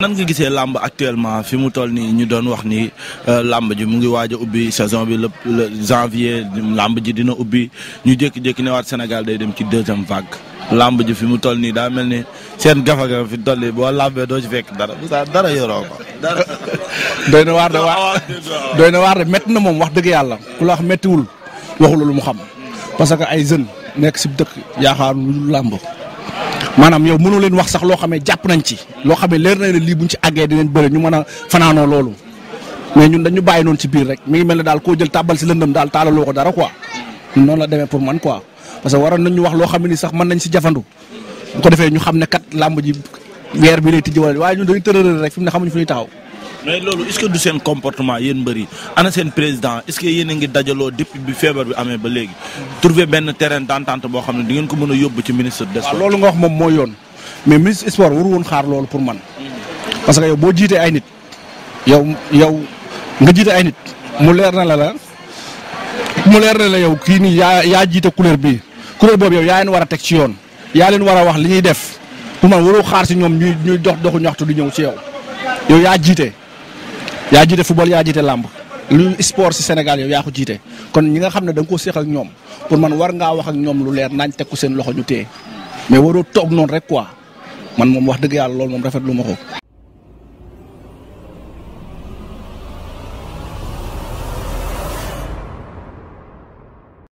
nan nga gisee làmb actuellement fi mu toll nii ñu doon wax ni euh, làmb ji mu ngi waaja ubbi saison bi le janvier làmb ji dina ubbi ñu jékki-jékki ne Sénégal day dem ci deuxième vague làmb ji fi mu toll nii daa mel ni seen gafaga fi toll nii boo làmbee doo ci fekk dara bu saar dara yoroo ko dara. na waar de waa na waar de na moom wax dëgg yàlla ku la wax méttiwul waxu lu mu xam parce que ay jeunes nekk si dëkk yaakaar lu làmb. maanaam yow mënoo leen wax sax loo xamee jàpp nañ ci loo xamee leer na ne lii buñ ci àggee dinañ bëri ñu mën a fanaanoo loolu mais ñun dañu bàyyi noonu ci biir rek mi ngi mel ne daal koo jël tàbbal si lëndëm daal taalaloo ko dara quoi noonu la demee pour man quoi parce que waroon nañ ñu wax loo xam ne ni sax man nañ si jafandu bu ko defee ñu xam ne kat làmb ji weer bi lay tijji wala waaye ñun dañuy tërërër rek fi ne xamuñ fu ñuy taxaw mais loolu est-ce que du seen comportement yéen mbër yi ana seen président est-ce que yéen ngi dajaloo depuis bi feebar bi amee ba léegi. trouver benn terrain d'entente boo xam ne di ngeen ko mën a yóbbu ci ministre des sports. loolu nga wax moom mooy yoon mais ministre sport waru woon xaar loolu pour man. parce que yow boo jiitee ay nit. yow yow nga jiite ay nit. mu leer na la la mu leer na la yow kii nii yaa yaa jiite couleur bi couleur boobu yow yaa leen war a teg ci yoon. yaa leen war a wax li ñuy def pour man waroo xaar si ñoom ñuy ñuy dox doxu ñaxtu di ñëw ci yow yow yaa jiite. yaa jiite football yaa jiite làmb lu sport si Sénégal yow yaa ko jiite kon ñi nga xam ne da nga koo seex ak ñoom pour man war ngaa wax ak ñoom lu leer naañ teg ko seen loxo ñu téye mais waroo toog noonu rek quoi man moom wax dëgg yàlla loolu moom rafetlu ma ko.